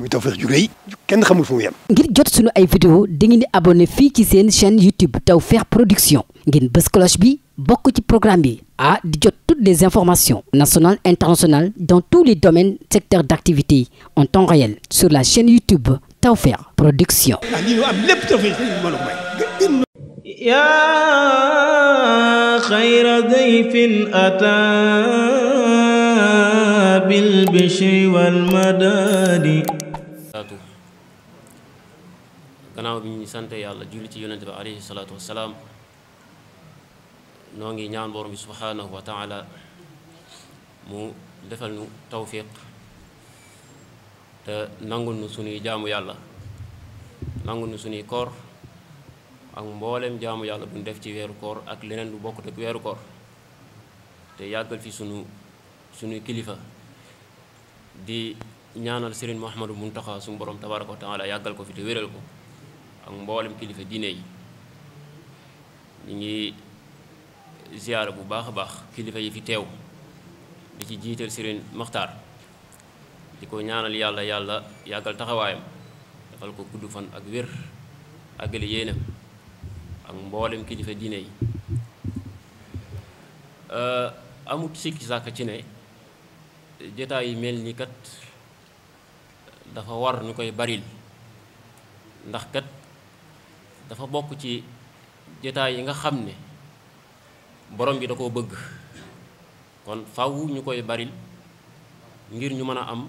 muy Tawfekh ju rëy ngir jot sunu ay vidéo dangeen di abonné fii ci seen chaîne YouTube Tawfekh Production ngeen bës cloche bi bokk ci programme bi ah di jot toutes les informations nationales internationales dans tous les domaines secteurs d'activité en temps réel sur la chaîne YouTube Tawfekh Production. ah lii am lépp Tawfekh sëriñ bi may. gën dayfin ataa bil bishri wal gannaaw bi ñu sante yàlla julli ci yonente bi aleyhi salaatu wasalaam noo ngi ñaan borom bi subhaanahu wa taala mu defal nu tawfiq te nangul nu sunuy jaamu yàlla nangul nu sunuy koor ak mbooleem jaamu yàlla bu ñu def ci weeru koor ak leneen bu bokkut ak weeru koor te yàggal fi sunu sunuy kilifa di ñaanal Serigne Mouhamadou Mountakha suñu borom tabaaraka wa yàggal ko fi te wéral ko ak mboolem kilifa diine yi ñu ngi ziyaara bu baax a baax kilifa yi fi teew di ci jiital Serigne Maxtaar di ko ñaanal yàlla yàlla yàggal taxawaayam defal ko gudd fan ak wér àggale yéenam ak mboolem kilifa diine yi amut sikki sàkk ci ne jotaay mel ni kat dafa war ñu koy baril ndax kat dafa bokk ci jotaay yi nga xam ne borom bi da koo bëgg kon faw ñu koy baril ngir ñu mën a am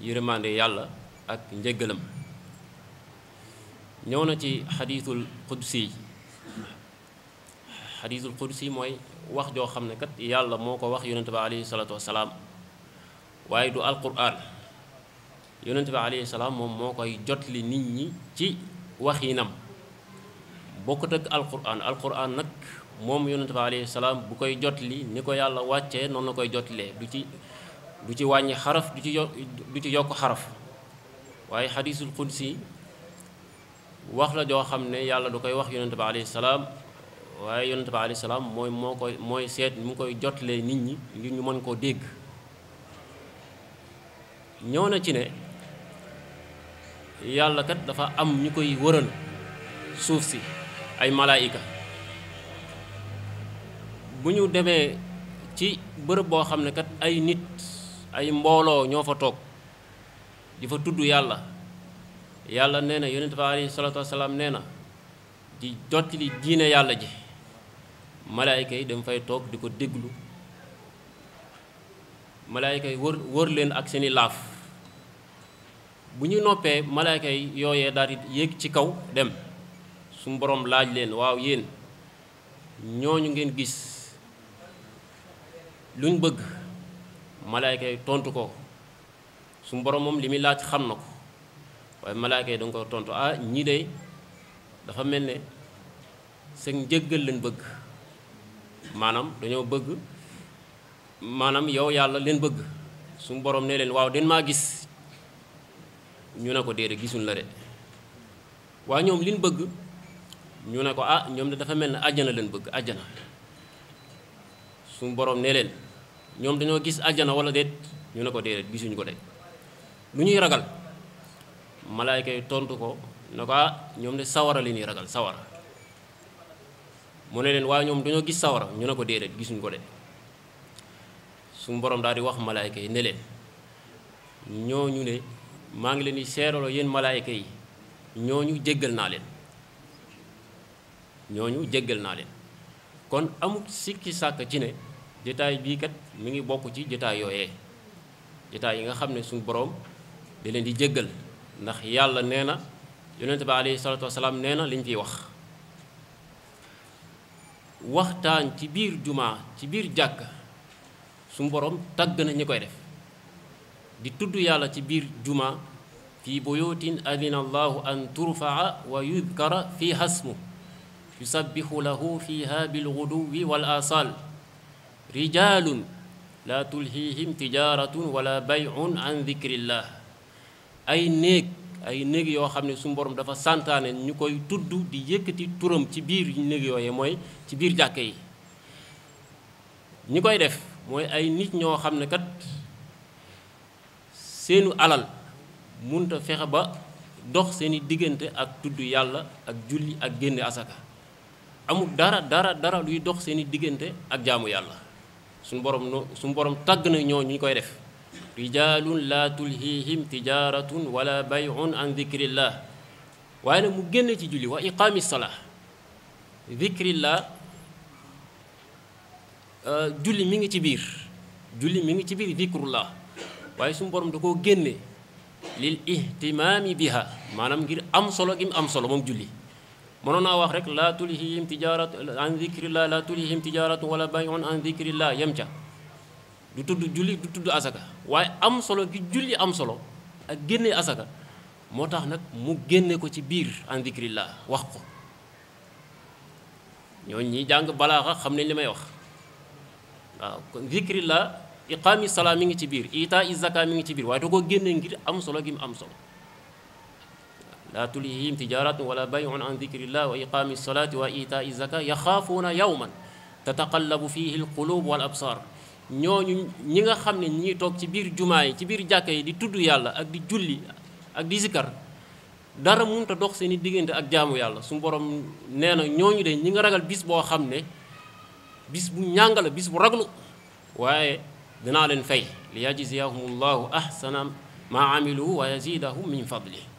yërmande yàlla ak njëggalam ñëw na ci xadiisul qudsi xadiisul qudsi mooy wax joo xam ne kat yàlla moo ko wax yonente bi alayhi salaatu wasalaam waaye du alquraan yonente bi alayhi salaam moom moo koy jotli nit ñi ci waxinam bokkut ak alquran alquran nag moom yonent bi salaam bu koy jot li ni ko yàlla wàccee noonu la koy jotlee du ci du ci wàññi xaraf du ci yokk xaraf waaye xadiisul qudsi wax la joo xam ne yàlla du koy wax yonent bi salaam waaye yonent bi salaam mooy moo koy mooy seet mu koy jotlee nit ñi ngir ñu mën koo dégg ñëw na ci ne yàlla kat dafa am ñu koy wëral suuf si ay malaayika bu ñu demee ci bërëb boo xam ne kat ay nit ay mbooloo ñoo fa toog di fa tudd yàlla yàlla nee na yonent dafa alayhi salaatu nee na di jottali diine yàlla ji malaayika yi dem fay toog di ko déglu malaayika yi wër wër leen ak seeni laaf bu ñu noppee malaayika yi yooyee daal di yéeg ci kaw dem su borom laaj leen waaw yéen ñooñu ngeen gis luñ bëgg malaayka yi tontu ko suñu borom moom li muy laaj xam na ko waaye malaayka yi danga ko tontu ah ñii de dafa mel ne seen njëggal leen bëgg maanaam dañoo bëgg maanaam yow yàlla leen bëgg suñu borom ne leen waaw den maa gis ñu ne ko déedéet gisuñ la de waaye ñoom liñ bëgg ñu ne ko ah ñoom de dafa mel ne àjjana leen bëgg àjjana suñu borom ne leen ñoom dañoo gis àjjana walla déet ñu ne ko déedéet gisuñu ko de lu ñuy ragal malaayka yi tontu ko ne ko ah, ñoom de sawara li ñuy ragal sawara mu ne leen waaye ñoom dañoo gis sawara ñu ne ko déedéet gisuñu ko de suñu boroom daal di wax malaayka yi ne leen ñooñu ne maa ngi leen di seeraloo yéen malaayka yi ñooñu jéggal naa leen ñooñu jéggal naa leen kon amut sikki sàkk ci ne jotaay bii kat mu ngi bokk ci jotaay yooye jotaay yi nga xam ne suñu boroom da leen di jéggal ndax yàlla nee na yonent bi aleyhi salaatu wasalaam nee na liñ fiy wax waxtaan ci biir jumaa ci biir jàkk suñu boroom tàgg na ñi koy def di tudd yàlla ci biir jumaa fi buyutin adina allahu an turfaa wa yudkara fi hasmu yusabbihu lahu fiha bilguduwi wal asal rijalun la tulhihim tijaratun wala bayun an dikrillah ay néeg ay néeg yoo xam ne suñu borom dafa santaane ñu koy tudd di yëkkati turam ci biir néeg yooye mooy ci biir jàkke yi ñi koy def mooy ay nit ñoo xam ne kat seenu alal munta fexe ba dox seeni diggante ak tudd yàlla ak julli ak génne asaka amul dara dara dara luy dox seeni diggante ak jaamu yàlla suñu borom no suñu tàgg na ñoo ñu ngi koy def rijalun la tulhihim tijaratun wala bayun an dicrillah waaye nag mu génne ci julli wa iqaami salaa dicrillah euh, julli mi ngi ci biir julli mi ngi ci biir dicrullah waaye suñu borom da koo génne lil ihtimaami biha maanaam ngir am solo gi mu am solo moom julli mënoon naa wax rek laa tulhihim tijaaratu an zikrillah laa tulhihim tijaaratu wala bay'un an zikrillah yem ca du tudd julli du tudd asaka waaye am solo gi julli am solo ak génne asaka moo tax nag mu génne ko ci biir an zikrillah wax ko ñooñu ñi jàng balaaxa xam nañ li may wax waaw kon zikrillah iqaami salaa mi ngi ci biir itaa izaka mi ngi ci biir waaye da koo génne ngir am solo gi mu am solo laa tulhihim tijaratun wala bayun an dicrillah wa iqaami lsolati wa itaai zaka yaxaafuuna yawman tataqallabu fihi alqulub wal absar ñu ñi nga xam ne ñi toog ci biir jumaa yi ci biir jàkk yi di tudd yàlla ak di julli ak di zikar dara mënut a dox seeni diggante ak jaamu yàlla suñu borom nee na ñoo ñooñu de ñi nga ragal bis boo xam ne bis bu ñàng la bis bu raglu waaye dinaa leen fay li yajziyahum allahu ahsana ma amilu wa yazidahum min fadli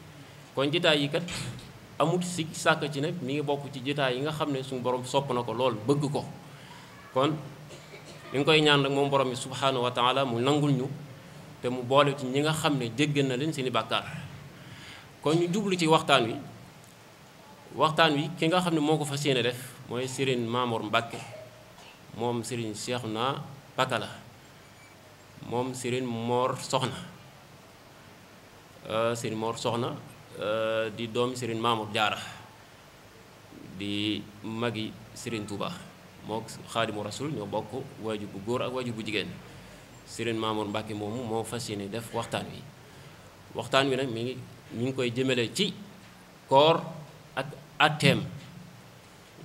kon jitaay yi kat amul si sàkk ci nag mi ngi bokk ci jitaay yi nga xam ne suñu borom sopp na ko lool bëgg ko kon li ngi koy ñaan rek moom borom bi subhaanahu wa taala mu nangul ñu te mu boole ci ñi nga xam ne jéggal na leen seeni bàkkaar kon ñu jublu ci waxtaan wi waxtaan wi ki nga xam ne moo ko fa yéene def mooy Serigne Mamour Mbacke moom Serigne Cheikhouna Pakala moom Serigne moor Soxna euh, Serigne moor Soxna Eh, di doomi Serigne Mamour Diarra di magi Serigne Touba moo xaadimu rasul ñoo bokk waajur bu góor ak waajur bu jigéen Serigne Mamour Mbacke moomu moo fas yéene def waxtaan wi waxtaan wi nag mi ngi ñu ngi koy jëmale ci koor ak atteem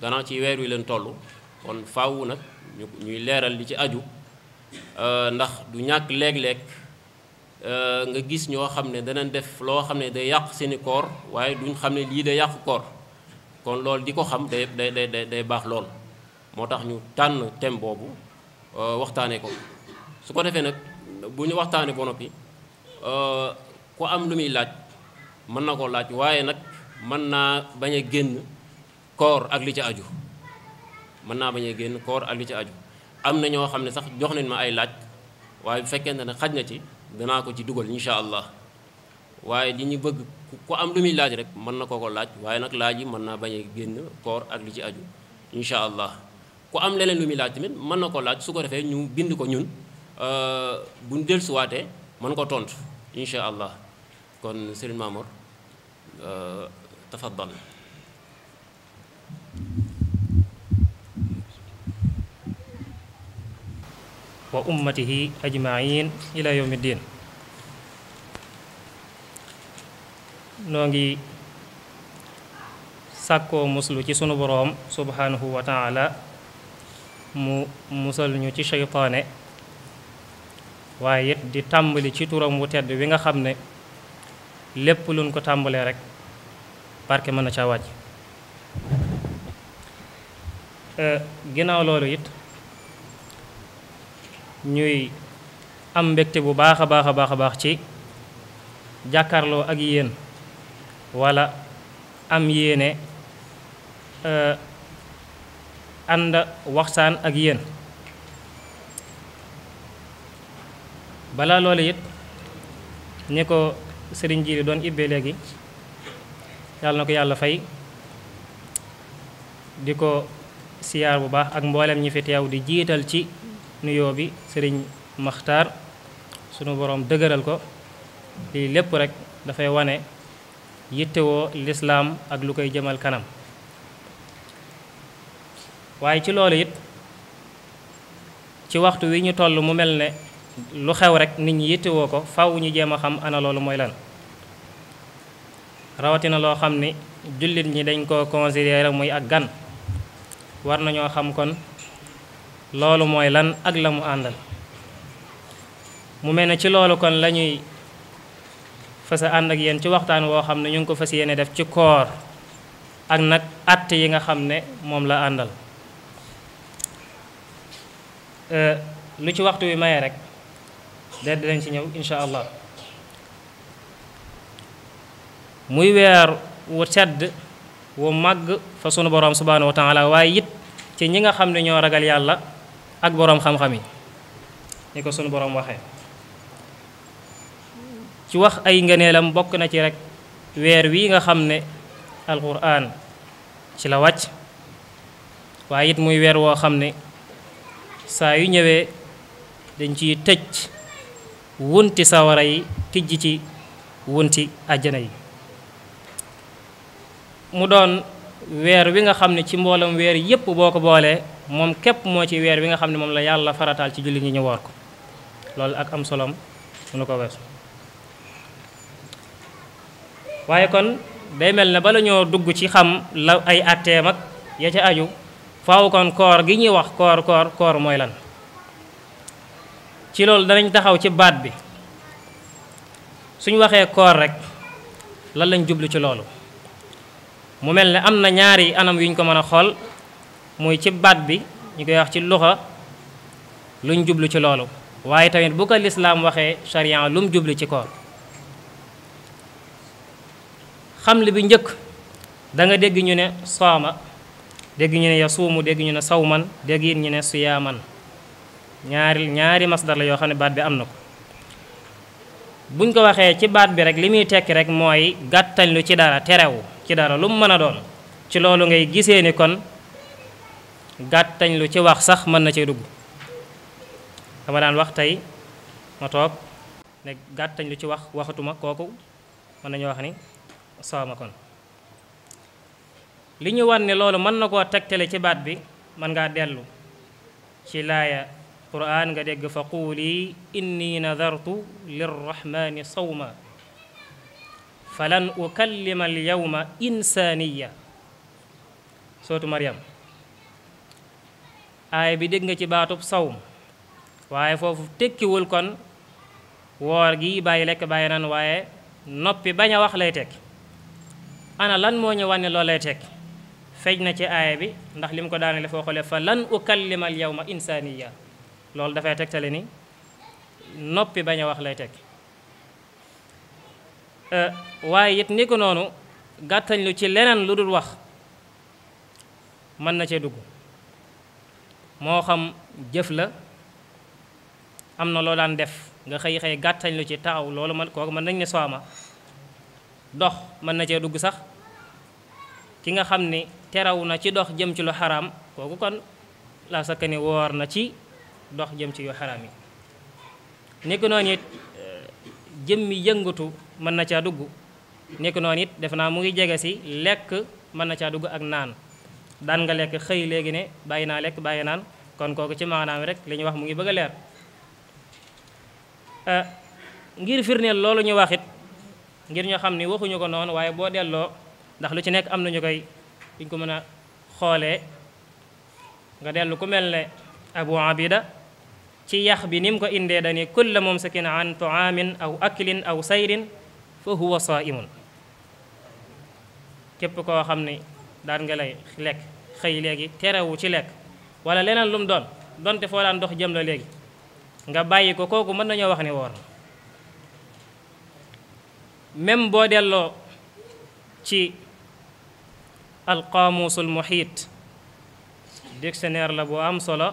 gannaaw ci weer wi leen toll kon faaw nag ñuy leeral li ci aju eh, ndax du ñàkk léeg-léeg Euh, nga gis ñoo xam ne danañ def loo xam ne day yàq seeni koor waaye duñ xam ne lii day yàq koor kon loolu di ko xam day day day day baax lool moo tax ñu tànn thème boobu euh, waxtaanee ko su ko defee nag bu ñu waxtaanee ba noppi euh, ku am lu muy laaj mën na koo laaj waaye nag mën naa bañ a génn koor ak li ci aju mën naa bañ a génn koor ak li ci aju am na ñoo xam ne sax jox nañ ma ay laaj waaye bu fekkente xaj na ci. danaa ko ci dugal incha allah waaye li ñu bëgg ku am lu muy laaj rek mën na koo ko laaj waaye nag laaj yi mën naa bañ génn koor ak li ci aju incha allah ku am leneen lu muy laaj tamit mën na ko laaj su ko defee ñu bind ko ñun euh, bu ñu dellusiwaatee mën ko tontu incha allah kon Serigne Mamour euh, tafaddal wa ummatihi yi ila yawmi ddin noo ngi sàkkoo muslu ci sunu boroom subhanahu wa taala mu musal ñu ci seytaane waaye it di tàmbali ci turam wu tedd wi nga xam ne lépp luñ ko tàmbalee rek barke mën na caa wàcc eh, ginnaaw loolu it ñuy am mbégte bu baax a baax a baax a baax ci jàkkarloo ak yéen wala am yéene euh, ànd waxsaan ak yéen balaa loolu it ni ko sëriñ ji doon ibbee léegi yàlla na ko yàlla fay di ko siyaar bu baax ak mboolem ñi fi teew di jiital ci nuyoo bi sëriñ Maxtaar sunu boroom dëgëral ko lii lépp rek dafay wane yittewoo lislaam ak lu koy jëmal kanam waaye ci loolu it ci waxtu wi ñu toll mu mel ne lu xew rek nit ñi yittewoo ko faw ñu jéem a xam ana loolu mooy lan rawatina loo xam ni jullit ñi dañ ko considéré muy ak gan war nañoo xam kon loolu mooy lan ak la mu àndal mu mel ne ci loolu kon la ñuy fas a ànd ak yéen ci waxtaan woo xam ne ñu ngi ko fas yéene def ci koor ak nag att yi nga xam ne moom la àndal euh, lu ci waxtu wi maye rek de dinañ ci ñëw incha allah muy weer wu sedd wu màgg fa sunu borom subhanahu wa taala waaye it ci ñi nga xam ne ñoo ragal yàlla ak boroom xam-xam yi ni ko sunu boroom waxee ci wax ay ngëneelam bokk na ci rek weer wi nga xam ne alquran ci la wàcc waaye it muy weer woo xam ne saa yu ñëwee dañ ciy tëj wunti sawara yi tijj ci wunti àjjana yi mu doon weer wi nga xam ne ci mboolam weer yépp boo ko boolee moom képp moo ci weer wi nga xam ne moom la yàlla farataal ci jullit ñi ñu woor ko loolu ak am solom munu ko weesu waaye kon day mel na ba ñoo dugg ci xam la ay atteem ak ya ca aju faaw kon koor gi ñuy wax koor koor koor mooy lan ci loolu danañ taxaw ci baat bi suñ waxee koor rek lan lañ jublu ci loolu mu mel ne am na ñaari anam yuñ ko mën a xool muy ci baat bi ñu koy wax ci luxa luñ jublu ci loolu waaye tamit bu ko lislaam waxee sharia lum jublu ci koor xamle bi njëkk danga dégg ñu ne sooma dégg ñu ne yasuumu dégg ñu ne sawman dégg it ñu ne suyaaman ñaari ñaari masdar la yoo xam ne baat bi am na ko buñ ko waxee ci baat bi rek li muy tekki rek mooy gàttañ lu ci dara terewu ci dara lum mën a doon ci loolu ngay gisee ni kon gàttañ ci wax sax mën na cee dugg dama daan wax tey ma toog ne gàttañ lu ci wax waxatuma kooku mën nañu wax ni sooma kon li ñu wan ne loolu mën na koo tegtale ci baat bi mën ngaa dellu ci laaya quraan nga dégg fa quuli inni nadartu lirrahmani sawma falan ukallima alyawma insaniya sootu maryam aay bi dégg nga ci baatub sawm waaye foofu tekkiwul kon woor gi bàyyi lekk bàyyi nan waaye noppi bañ a wax lay tekki ana lan moo ñu wane loolu lay tekki feej na ci aaya bi ndax li mu ko daanale foo xoolee fa lan ukallima al yawma insaniya loolu dafay tegtale ni noppi bañ a wax lay tekki waaye it ni ko noonu gàttañ lu ci leneen lu dul wax mën na cee dugg moo xam jëf la am na loo daan def nga xëy xëy gàttañ lu ci taxaw loolu man kooku mën nañ ne sooma dox mën na cee dugg sax ki nga xam ni teraw na ci dox jëm ci lu xaraam kooku kon la sa ni woor na ci dox jëm ci yu xaraam yi nekk noonu jëm eh, jëmmi yëngatu mën na caa dugg nekk noonu it def naa mu ngi jege ci lekk mën na caa dugg ak naan daan nga lekk xëy léegi ne bàyyi naa lekk bàyyi naan kon kooku ci maanaam rek li ñuy wax mu ngi bëgg a leer eh, ngir firndeel loolu ñu waxit ngir ñu xam ni waxuñu ko noonu waaye boo delloo ndax lu ci nekk am nañu koy duñ ko mën a xoolee nga dellu ku mel ne abu abida ci yax bi ni mu ko indee dani kulla mumsakin an taamin aw aklin aw sayrin fa huwa saimun képp koo xam ni daan nga lay lekk xëy léegi terewu ci lekk wala leneen lum doon donte foo daan dox jëm la léegi nga bàyyi ko kooku mën nañoo wax ne woor même boo delloo ci alqaamusul muhiit dictionnaire la boo am solo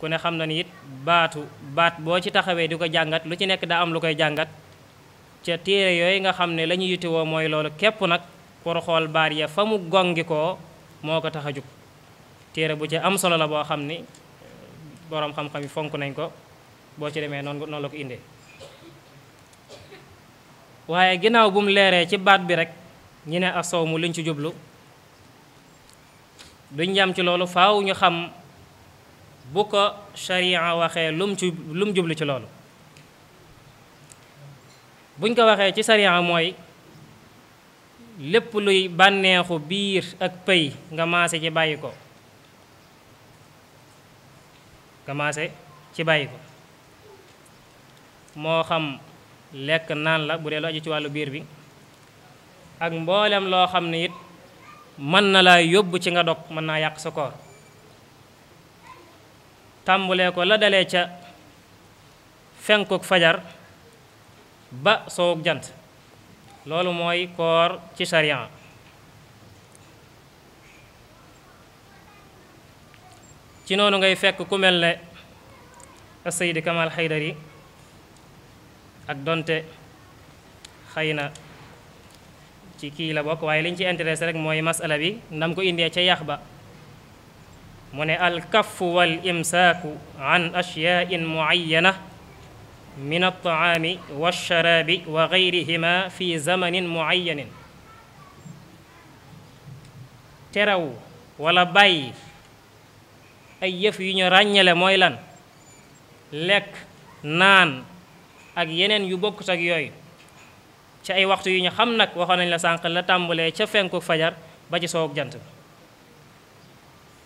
ku ne xam na ni it baatu baat boo ci taxawee di ko jàngat lu ci nekk daa am lu koy jàngat ca téere yooyu nga xam ne la ñu yittewoo mooy loolu képp nag pour xool baat ya fa mu gongi ko moo ko tax a jug téere bu ci am solo la boo xam ni boroom xam-xam yi fonk nañ ko boo ci demee noonu noonu la ko indee waaye ginnaaw bu mu leeree ci baat bi rek ñu ne asow mu liñ ci jublu duñ yam ci loolu faaw ñu xam bu ko sharia waxee lum ci lum jublu ci loolu buñ ko waxee ci sharia mooy lépp luy bànneexu biir ak pëy nga maase ci bàyyi ko nga maase ci bàyyi ko moo xam lekk naan la bu dee lu aju ci wàllu biir bi ak mboolem loo xam ne it mën na laa yóbbu ci nga dog mën naa yàq sa koor tàmbulee ko la dale ca fenkuk fajar ba soowuk jant loolu mooy koor ci sariya ci noonu ngay fekk ku mel ne Seydi Kamal Haydari ak donte xëy na ci kii la bokk waaye liñ ci intéressé rek mooy masala bi ndam ko indee ca yax ba mu ne al kaffu wal imsaaku an ashyain muayyana min altaami walsharaabi wa geyrihima fi zamanin muayanin teraw wala bàyyi ay yëf yu ñu ràññale mooy lan lekk naan ak yeneen yu bokkut ak yooyu ci ay waxtu yu ñu xam nag waxoon nañ la sànq la tàmbalee ca fenku fajar ba ci soog jant bi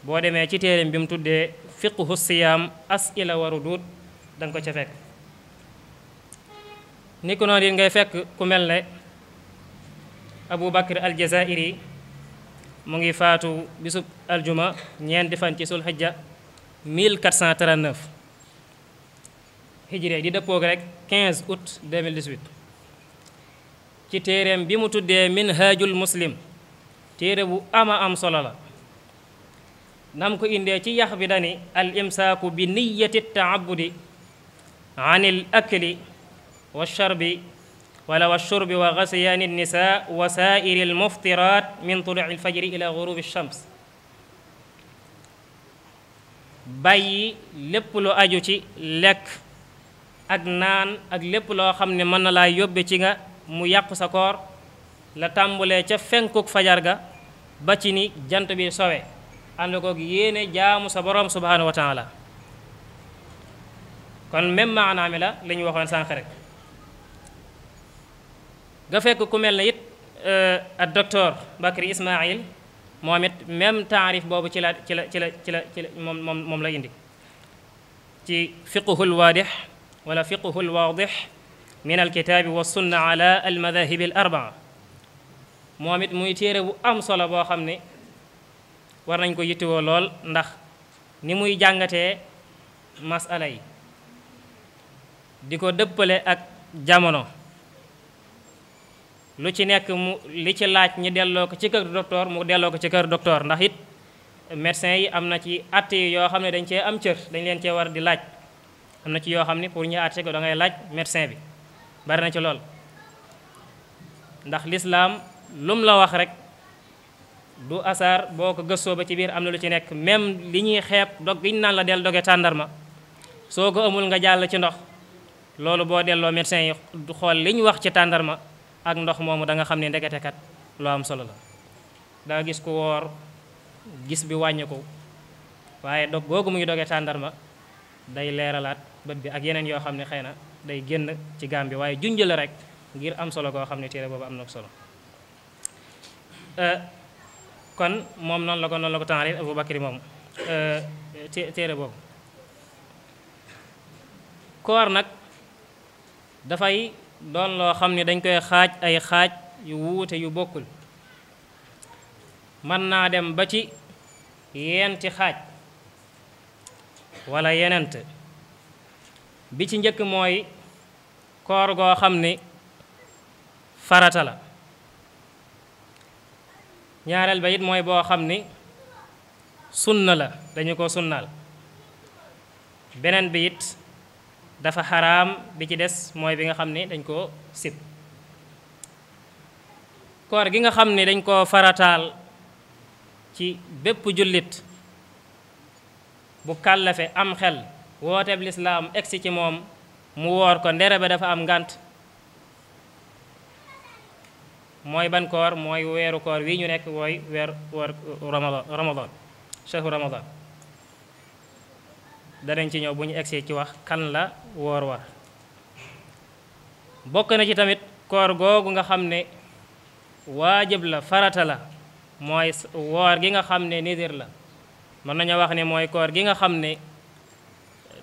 boo demee ci téereem bi mu tuddee fiqhu siyaam asila wa rudud da ko ca fekk ni ko noonu it ngay fekk ku mel ne Abu Bakr al-Jazairi mu ngi faatu bisub aljuma ñeenti fan ci sul xijja 1439 hijri di dëppoog rek 15 août ci téereem bi mu tuddee minhajul muslim téere bu ama am solo la nam ko indee ci yax bi dani al imsaaku bi niyati taabudi an il akli والشرب ولو الشرب وغسيان النساء وسائر المفطرات من طلوع الفجر إلى غروب الشمس bàyyi lépp lu aju ci lekk ak naan ak lépp loo xam ne mën na laa yóbbe ci nga mu yàq sa koor la tàmbulee ca fenkuk fajar ga ba ci ni jant bi sowe ànd koog yéene jaamu sa borom subhanahu wa kon même maanaam la li ñu waxoon sànq nga fekk ku mel ne it euh, ak docteur Bakri Ismail moom it même taarif boobu ci la ci la ci la ci la ci moom moom la indi ci fiqhul waadix wala fiqhul waadix min alkitaabi wa sunna ala almadahibi al arbaa moom it muy téere bu am solo boo xam ne war nañ ko yittewoo lool ndax ni muy jàngatee masala yi di ko dëppale ak jamono lu ci nekk mu li ci laaj ñi delloo ko ci kër docteur mu delloo ko ci kër doktoor ndax it médecin yi am na ci àtte yoo xam ne dañ cee am cër dañ leen cee war di laaj am na ci yoo xam ne pour ñu àtte ko da laaj médecin bi bari na ci lool ndax lislaam lum la wax rek du asaar boo ko gëstoo ba ci biir am na lu ci nekk même li ñuy xeeb dog giñ naan la dell doge tàndarma soo ko amul nga jàll ci ndox loolu boo delloo médecin yi xool li wax ci tàndarma ak ndox moomu danga xam ne ndegetekat lu am solo la danga gis ku woor gis bi wàññi waaye dog googu muy dogee tàndarma day leeralaat bët bi ak yeneen yoo xam ne xëy na day génn ci gaam bi waaye junjale rek ngir am solo koo xam ne téere boobu am na solo euh, kon moom noonu la ko noonu la ko tàngalee Abu Bakri moom euh, téere boobu koor nag dafay doon loo xam ne dañ koy xaaj ay xaaj yu wuute yu bokkul mën naa dem ba ci yenti xaaj wala yenent bi ci njëkk mooy koor goo xam ni farata la ñaareel ba it mooy boo xam ni sunn la dañu ko sunnaal beneen bi it dafa xaraam bi ci des mooy bi nga xam ne dañ koo sib koor gi nga xam ni dañ koo farataal ci bépp jullit bu kàllafe am xel wooteeb lislaam egsi ci moom mu woor ko ndere bi dafa am ngànt mooy ban koor mooy weeru koor wi ñu nekk wooy weer woor ramadan shahru ramadan danañ ci ñëw bu ñu egsee ci wax kan la woor war bokk na ci tamit koor googu nga xam ne waajib la farata la mooy woor gi nga xam ne nidir la mën nañu wax ne mooy koor gi nga xam ne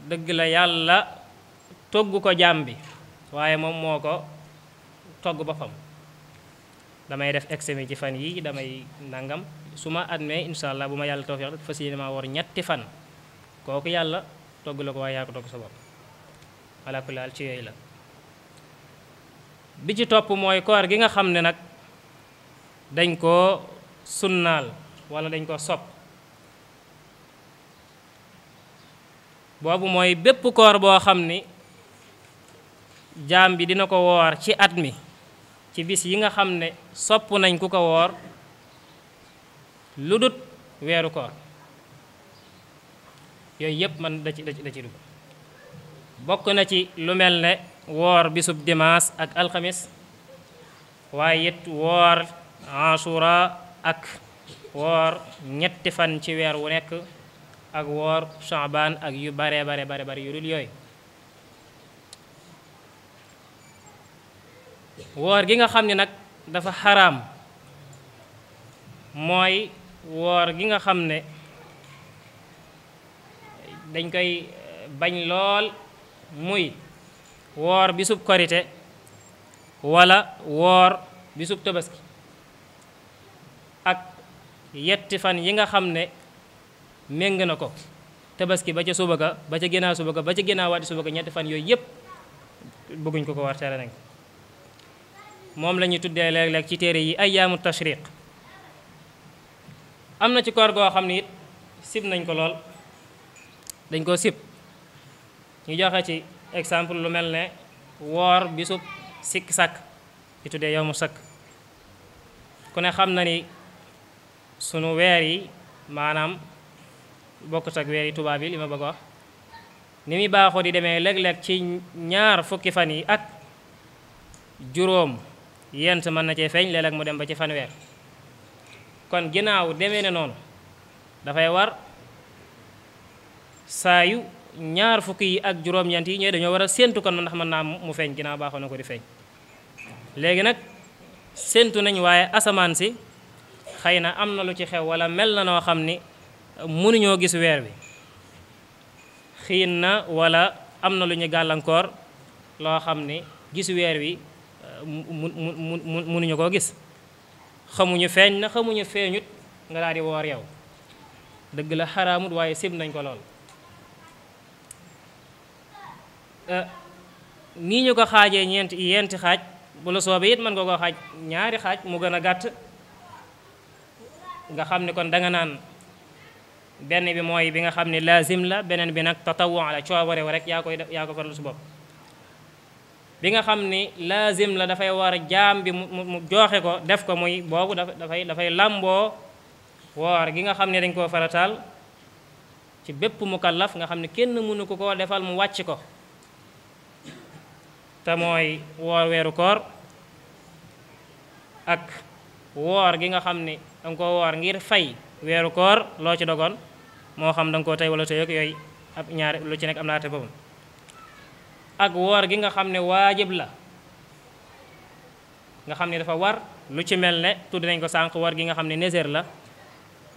dëgg la yàlla togg ko jaam bi waaye moom moo ko togg boppam damay def examen ci fan yi damay ndangam su ma admee incha bu ma yàlla tawfiq fas yéene maa woor ñetti fan kooku yàlla togg la ko waaye yaa ko togg sa bopp ala kulli ci yooyu la bi ci topp mooy koor gi nga xam ne nag dañ koo sunnaal walla dañ koo sopp boobu mooy bépp koor boo xam ni jaam bi dina ko woor ci at mi ci bis yi nga xam ne sopp nañ ku ko woor lu dut weeru koor yooyu yëpp man da ci da ci dugg bokk na ci lu mel ne woor bisub dimaas ak alxamis waaye it woor asura ak woor ñetti fan ci weer wu nekk ak woor chaban ak yu bare bare bare bare yu dul yooyu woor gi nga xam ni nag dafa xaraam mooy woor gi nga xam ne dañ koy eh, bañ lool muy woor bisub korite walla woor bisub tabaski ak yetti fan yi nga xam ne méng na ko tabaski ba ca suba ga ba ca ginnaaw suba ga ba ca ginnaawaati suba ga ñetti fan yooyu yëpp bëgguñ ko ko war tere nañ moom la ñuy tuddee léeg-léeg ci téere yi ay ayyaamu tashriq am na ci koor goo xam ne it sib nañ ko lool dañ koo sib ñu joxe ci exemple lu mel ne woor bisub sikk sàkk di tuddee yow mu sàkk ku ne xam na ni sunu weer yi maanaam bokkut ak weer yi tubaab yi li ma bëgg wax ni muy baaxoo di demee léeg-léeg ci ñaar fukki fan yi ak juróom yent mën na cee feeñ léeg-léeg mu dem ba ci fanweer kon ginnaaw demee ne noonu dafay war saa yu ñaar fukki yi ak juróom-ñeent yi ñooy dañoo war a séntu kon ndax man naa mu feeñ ginnaaw baaxoo na ko di feeñ léegi nag séentu nañ waaye asamaan si xëy na am na lu ci xew walla mel na noo xam ni munuñoo gis weer bi xiin na wala am na lu ñu gàllankoor loo xam ni gis weer wi uh, mu mu mënuñu koo gis xamuñu feeñ na xamuñu feeñut nga daal di woor yow dëgg la xaraamut waaye sib nañ ko lool Eh, nii ñu ko xaajee ñeenti yenti xaaj bu la soobee it mën ko koo xaaj ñaari xaaj mu gën a gàtt nga xam ne kon danga naan benn bi mooy bi nga xam ne laazim la beneen bi nag tatawu la coobare rek yaa koy yaa ko su bopp bi nga xam ne laazim la dafay war jaam bi mu joxe ko def ko muy boobu dafay dafay làmboo woor gi nga xam ne dañ koo farataal ci bépp mukallaf nga xam ne kenn mënu ko koo defal mu wàcc ko te mooy woor weeru koor ak woor gi nga xam ni danga koo woor ngir fay weeru koor loo ci dogoon moo xam danga koo tey wala tey ak yooyu ab ñaari lu ci nekk am naate boobu ak woor gi nga xam ne waajib la nga xam ne dafa war lu ci mel ne tudd nañ ko sànq woor gi nga xam ne nésér la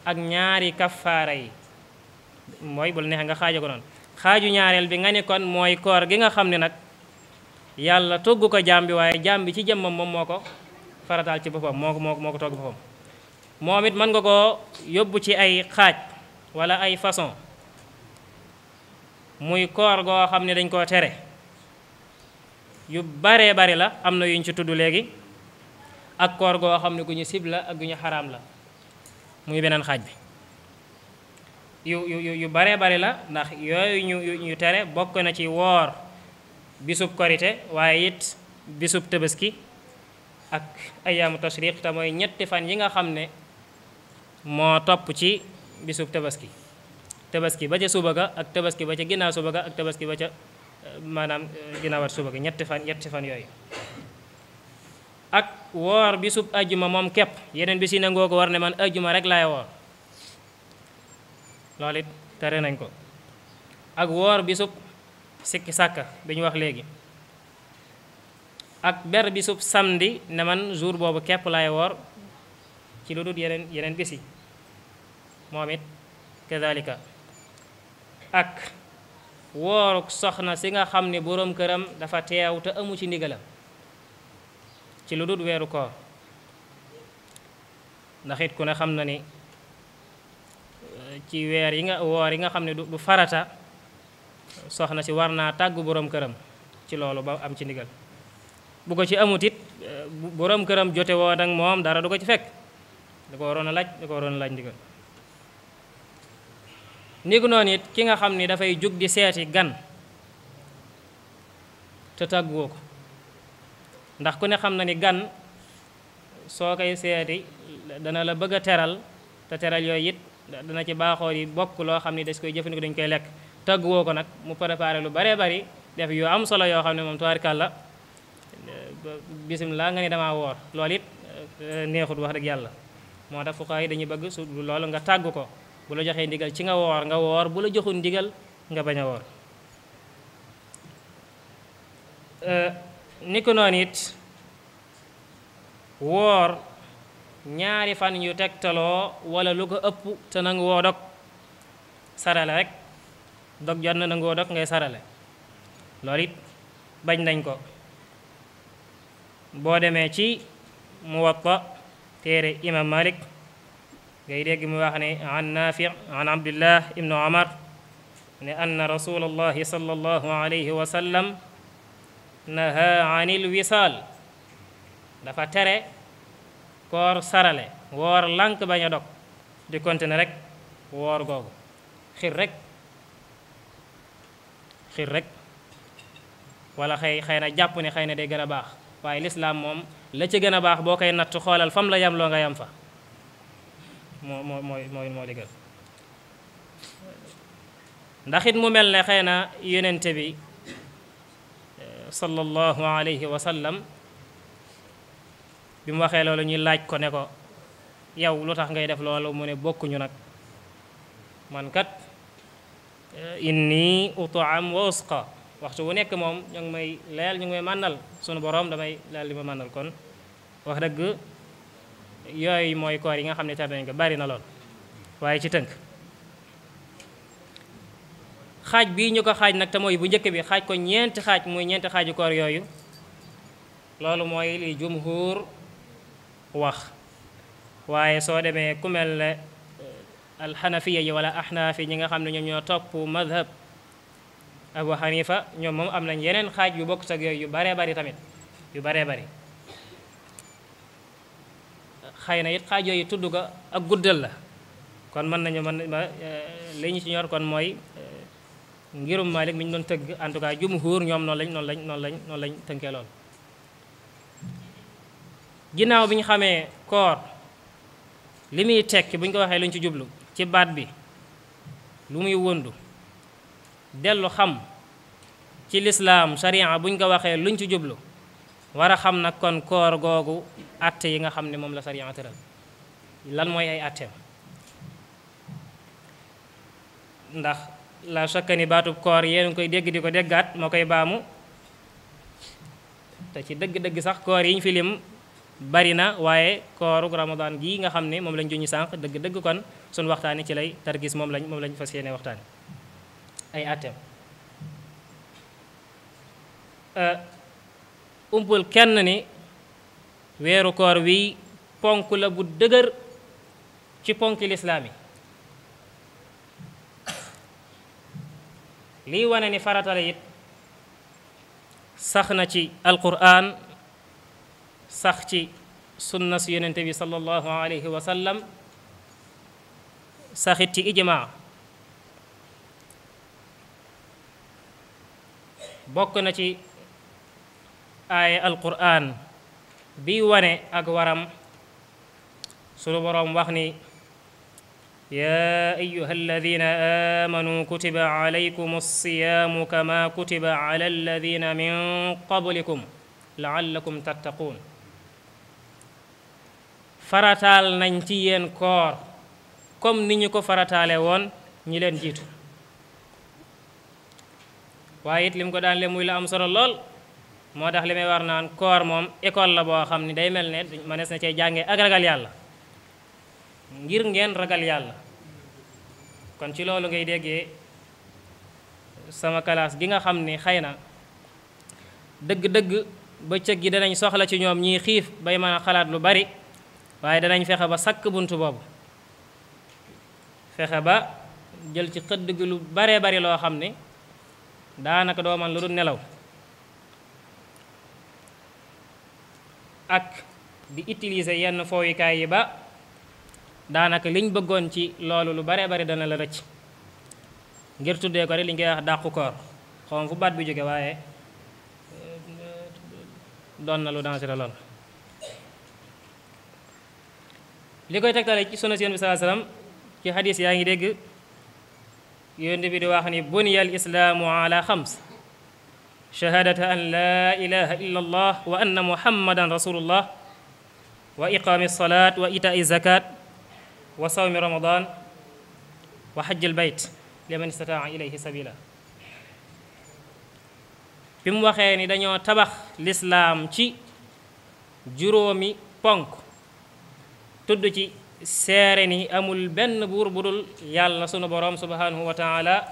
ak ñaari kafaara yi mooy bu la neexee nga xaajo ko noonu xaaju ñaareel bi nga ni kon mooy koor gi nga xam ne nag yàlla togg ko jaam bi waaye jaam bi ci jëmmam moom moo ko farataal ci boppam moo ko moo ko togg boppam moom it mën nga koo yóbbu ci ay xaaj wala ay façon muy koor goo xam ne dañ koo tere yu baree bari la am na yuñ ci tudd léegi ak koor goo xam ne gu ñu sib la ak gu ñu xaraam la muy beneen xaaj bi yu yu yu baree bari la ndax yooyu ñu ñu tere bokk na ci woor bisub korite waaye it bisub tëbaski ak ayaamu tashriq te mooy ñetti fan yi nga xam ne moo topp ci bisub tëbaski tëbaski ba ca suba ga ak tëbaski ba ca ginnaaw suba ga ak tëbaski ba ca euh, maanaam euh, ginnaawaat suba ga ñetti fan yooyu ak woor bisub ajjuma moom képp yeneen bi si nangoo ko war ne man ajjuma rek laay woor loolu it tere nañ ko ak woor bisub sikki sàkka bi ñu wax léegi ak ber bi sub samedi ne man jour boobu kepp laay woor ci lu dul yeneen yeneen bis yi moom it kadalika ak wooruk soxna si nga xam ne boroom këram dafa teew te amu ci ndigalam ci lu dul weeru koor ndax ku ne xam na ni eh, ci weer yi nga woor yi nga xam ne du farata soxna si war naa tàggu boroom këram ci loolu ba am ci ndigal bu ko ci amut it boroom këram jote woo nag moom dara du ko ci fekk da ko waroon a laaj da ko waroon a laaj ndigal ni noonu it ki nga xam ni dafay jug di seeti gan te tàgguwoo ko ndax ku ne xam na ni gan soo koy seeti dana la bëgg a teral te teral yooyu it dana ci baaxoo yi bokk loo xam ni das koy jëfandikoo dañ koy lekk tagg woo ko nag mu préparé lu baree bari def yoo am solo yoo xam ne moom tubaarkàlla bisimilah nga ne damaa woor loolu it euh, neexut wax dëgg yàlla moo tax fuqaa yi dañu bëgg su loolu nga tàgg ko bu la joxee ndigal ci nga woor nga woor bu la joxul nga bañ a woor euh, ni ko noonu it woor ñaari fan yu tegtaloo wala lu ko ëpp te nangu woo dog sarale rek dog jot na nangoo dog ngay sarale loolu bañ nañ ko boo demee ci muwatta téere imam malik ngay dégg mu wax ne an nafi an abdillah ibnu omar ne anna rasulallahi dafa tere koor sarale woor lànk bañ a dog di continuer rek woor googu xir rek xiir rek wala xëy xëy na jàpp ne xëy na day gën a baax waaye lislaam moom la ci gën a baax boo koy natt xoolal fam la yam loo nga yam fa moo moo mooy moo di gën mu mel ne xëy na yonente bi eh, sallallahu alayhi wa bi mu waxee loolu ñu laaj ko ne ko yow lu tax ngay def loolu mu ne bokkuñu nag man kat Eh, inni utaam wa ko waxtu wu nekk moom ñu ngi may leel ñu ngi may mànnal sunu boroom damay leel li ma mànnal kon wax dëgg yooyu mooy koor yi nga xam ne tar nañ ko bari na lool waaye ci tënk xaaj bi ñu ko xaaj nag te mooy bu njëkk bi xaaj ko ñeenti xaaj muy ñeenti xaaju koor yooyu loolu mooy li jumhur wax waaye soo demee ku mel alxanafiya yi wala axnaaf yi ñi nga xam ne ñoom ñoo topp madhab abu xanifa ñoom moom am nañ yeneen xaaj yu bokk ak yooyu yu bare bari tamit yu baree bari xëy na it xaaj yi tudd ko ak guddal la kon mën nañu mën eh, li ñu ci ñor kon mooy eh, ngirum Malik mi ñu doon tëgg en tout cas jumhur ñoom noonu lañ noonu lañ noonu lañ noonu lañ tënkee lool ginnaaw bi ñu xamee koor li muy tekki bu ñu ko waxee lu ñu ci jublu ci baat bi lu muy wëndu dellu xam ci lislaam sariya buñ ko waxee luñ ci jublu war a xam nag kon koor googu àtte yi nga xam ne moom la sariya tëral lan mooy ay àtteem ndax la sakka ni baatub koor yéen koy dégg di ko déggaat moo koy baamu te ci dëgg-dëgg sax koor yi ñu fi bari na waaye kooru ramadaan gii nga xam ne moom lañ juñu sànq dëgg-dëgg kon suñ waxtaani ci lay targis moom lañ moom lañ fas yéene waxtaani ay atteem euh, umpul kenn ni weeru koor wi ponk la bu dëgër ci ponki lislaam yi lii wane ni faratala it sax na ci alquran sax ci sunna su yonente bi sallallahu alayhi wa saxit ci ijmaa bokk na ci aaya alquran bi wane ak waram sunu boroom wax ni yaa ayuha alladina aamanu kutiba alaykum alsiyaamu kama kutiba ala alladina min qablikum laallakum tattaquun farataal nañ ci yéen koor comme ni ñu ko farataale woon ñi leen jiitu waaye it lim ko daan le muy la am solo lool moo tax li may war naan koor moom école la boo xam ne day mel ne mënees na cee jàngee ak ragal yàlla ngir ngeen ragal yàlla kon ci loolu ngay déggee sama kalaas gi nga xam ni xay na dëgg-dëgg bëccëg gi danañ soxla ci ñoom ñii xiif bay mën a xalaat lu bari waaye danañ fexe ba sakk bunt boobu fexe ba jël ci xëdd gi lu baree bari loo xam ne daanaka doo man lu dul nelaw ak di utiliser yenn fooyukaay yi ba daanaka liñ bëggoon ci loolu lu baree bari dana la rëcc ngir tuddee ko rek li ñu koy wax dàqu koor xawma fu baat bi jóge waaye euh, doon na lu dansira lool li koy tegtale ci sunna si Yonent bi sallallahu ci xadis yaa ngi dégg yonent bi di wax ni buniya al islaamu ala xams shahaadata an laa ilaha illa allah wa anna muhammadan rasulullah wa iqaami salaat wa itaai zakat wa sawmi ramadan wa xajjil bayt liman istataa ilayhi sabila bi mu ni dañoo tabax lislaam ci juróomi ponk tudd ci seere ni amul benn buur bu dul yàlla sunu boroom subhanahu wa taala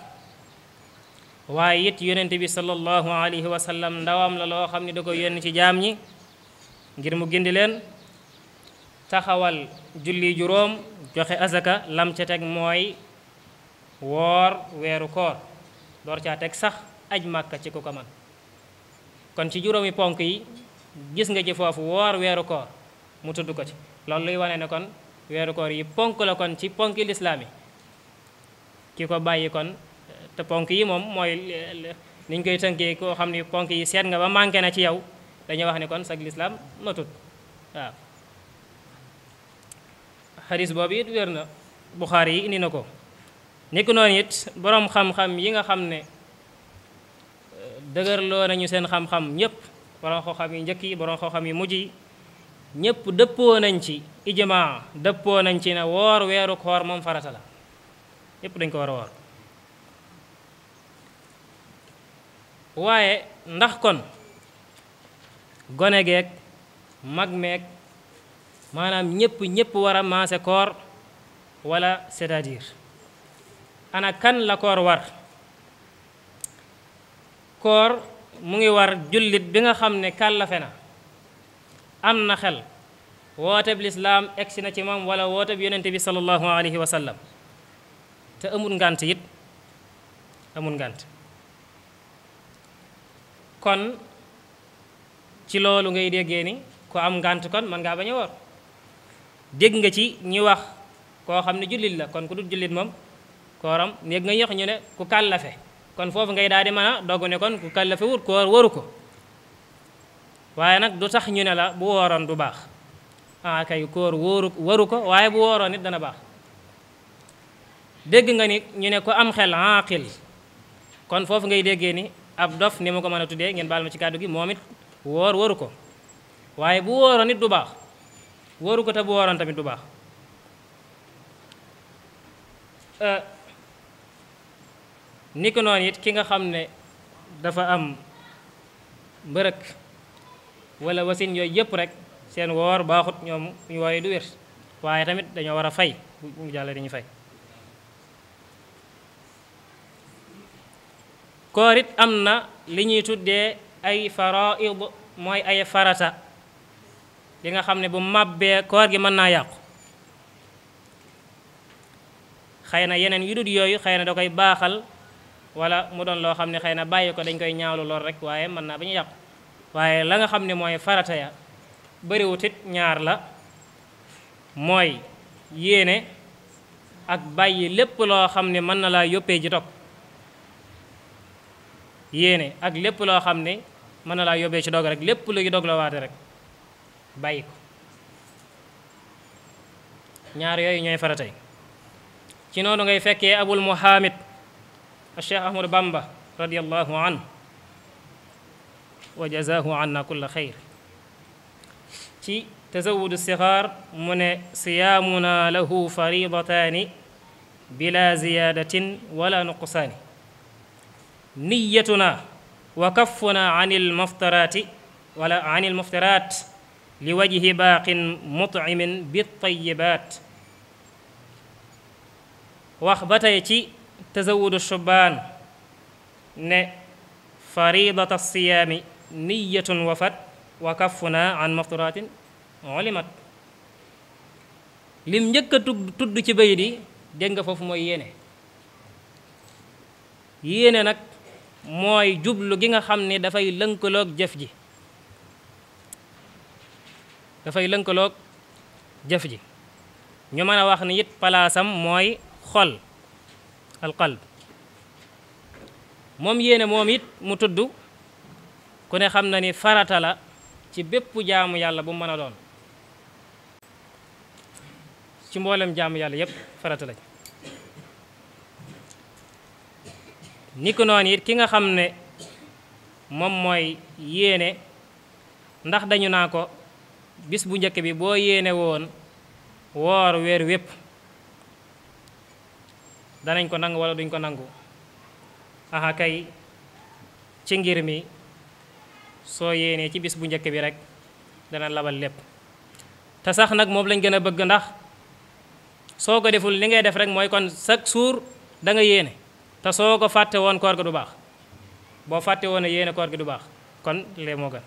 waaye yit yonent bi sallallahu alayhi wa sallam ndawam la loo xam ne da ko yónni ci jaam ñi ngir mu gindi leen taxawal julli juróom joxe azaka lam ca teg mooy woor weeru koor door caa teg sax aj màkka ci ku ko man kon ci juróomi ponk yi gis nga ci foofu woor weeru koor mu tudd ko ci loolu luy wane ne kon weeru koor yi ponk la kon ci ponki lislaam yi ki ko bàyyi kon te ponk yi moom mooy niñ koy tënkee koo xam ni ponk yi seet nga ba manqué na ci yow dañuy wax ni kon sag lislaam matut waaw xadis boobu it wér na buxaari yi indi na ko nekk noonu it boroom xam-xam yi nga xam ne loo nañu seen xam-xam ñëpp boroom xoo xam yi njëkk yi boroom xoo xam yi mujj yi ñépp dëppoo nañ ci ijmaa dëppoo nañ ci ne woor weeru koor moom farata la ñépp dañ ko war a woor waaye ndax kon gone geek mag meek maanaam ñépp ñépp wara maase koor wala cest à ana kan la koor war koor mu ngi war jullit bi nga xam ne kàllafe na am na xel wooteb lislaam egsi na ci moom wala wooteb yonente bi sallallahu alayhi wa sallam te amul ngant it amul ngant kon ci loolu ngay déggee ni ku am ngànt kon mën ngaa bañ a woor dégg nga ci ñi wax koo xam ne jullit la kon ku dul jullit moom kooram néeg nga yox ñu ne ku kàllafe kon foofu ngay daal di mën a dogu ne kon ku kàllafe koor waru ko waaye nag du tax ñu ne la bu wooroon du baax ah kay koor waru ko waaye bu wooroon it dana baax dégg nga ni ñu ne ko am xel aqil kon foofu ngay déggee ni ab dof ni ma ko mën a tudde ngeen baal ma ci kàddu gi moom it woor waru ko waaye bu wooroon it du baax waru ko te bu wooroon tamit du baax eh, ni ko noonu it ki nga xam ne dafa am mbërëk wala wasin yooyu yëpp rek seen woor baaxut ñoom ñu wooye du wér waaye tamit dañoo war a fay bu jàlle dañu fay koor it am na li ñuy tuddee ay faraid mooy ay farata li nga xam ne bu màbbee koor gi mën naa yàqu xay na yeneen yu dul yooyu xëy na da koy baaxal wala mu doon loo xam ne xëy na bàyyi ko dañ koy ñaawlu lool rek waaye mën naa ba ñu yàqu waaye la nga xam ne mooy farata ya bëriwut ñaar la mooy yéene ak bàyyi lépp loo xam ne mën na laa yóbbee ji dog yéene ak lépp loo xam ne mën na laa yóbbee ci dog rek lépp lu dog la waate rek bàyyi ko ñaar yooyu ñooy faratay ci noonu ngay fekkee abul muhammad cheikh ahmadou bamba radiallahu an wa jazaahu anna kulla xayr ci tazawudu sixaar mu ne siyaamuna lahu faridataani bila ziyaadatin wala nuqsaani niyatuna wa kaffuna an ilmaftaraati wala an ilmaftaraat li wajhi baaqin mutcimin bitayibaat wax ba tey ci tazawudu shubaan ne faridata siyaami niyatun wafat wa kaffuna an mafturaatin olimat lim njëkk tudd ci bay di dégg nga foofu mooy yéene yéene nag mooy jublu gi nga xam ni dafay lënkaloog jëf ji dafay lënkaloog jëf ji ñu mën a wax ni it palaasam mooy xol alqalb moom yéene moom it mu tudd ku ne xam na ni farata la ci bépp jaamu yàlla bu mën doon ci mboolem jaamu yàlla yépp farata lañ ni ko noonu it ki nga xam ne moom mooy yéene ndax dañu naa ko bis bu njëkk bi boo yéenewoon woor weer wépp danañ ko nangu wala duñ ko nangu aha ci ngir mi soo yéenee ci bis bu njëkk bi rek dana labal lépp te sax nag moom lañ gën a bëgg ndax soo ko deful li ngay def rek mooy kon chaque jour da nga yéene te soo ko fàtte woon koor gi du baax boo fàtte woon a yéene koor gi du baax kon lee moo gën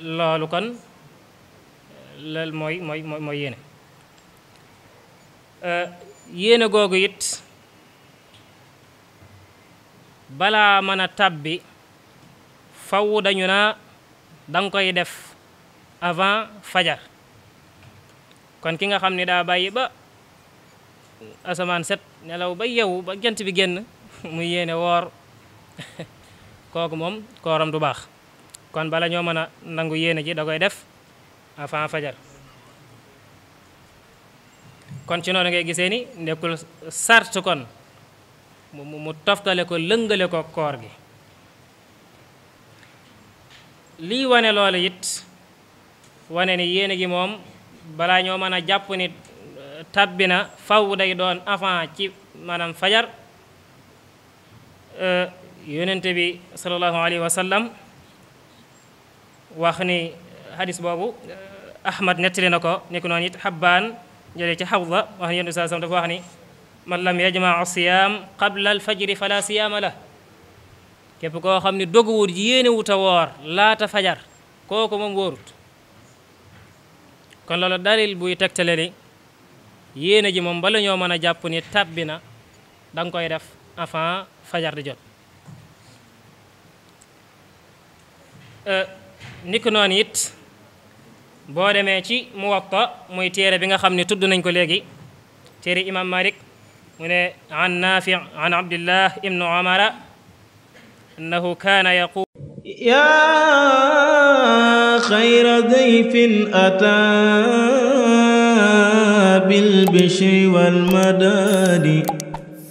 loolu kon loolu mooy mooy mooy yéene euh, yéene googu yit balaa mën a tàbbi faw dañu na danga koy def avant fajar kon ki nga xam ni daa bàyyi ba asamaan set nelaw ba yeewu ba jant bi génn mu yéene woor kooku moom kooram du baax kon bala ñoo mën a nangu yéene ji da koy def avant fajar kon ci noonu ngay gisee ni nekkul sart kon mu mu toftale ko lëngale ko koor gi lii wane loolu it wane ni yéene gi moom balaa ñoo mën a jàpp ni eh, tàbbi na faw day doon avant ci maanaam fajar eh, yonente bi sallallahu alayhi wa sallam wax ni hadis boobu eh, ahmad nettali na ko nekk noonu it xabbaan jëlee ci xawda wax ni yonente bi sallallahu dafa wax ni man lam yajmaa siyaam qabla alfajri fala siyaama la képp koo xam ne doguwut yéene wuta a woor laata fajar kooku moom wóorut kon loolu dalil buy tegtale ni yéene ji moom bala ñoo mën a jàpp ni tàbbi na da koy def avant fajar di jot euh, niki noonu it boo demee ci muwatta muy téere bi nga xam ne tudd nañ ko léegi téere imam malik mu ne an naafi an abdillah ibnu umara annahu kaana yaqul yaa xayra dayfin ataa bil bishri wal madaadi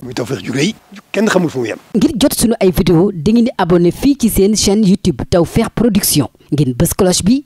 muy Tawfekh ju rëy kenn ngir jot sunu ay vidéo dangeen di abonné fii ci seen chaîne YouTube Tawfekh Production ngeen bës bi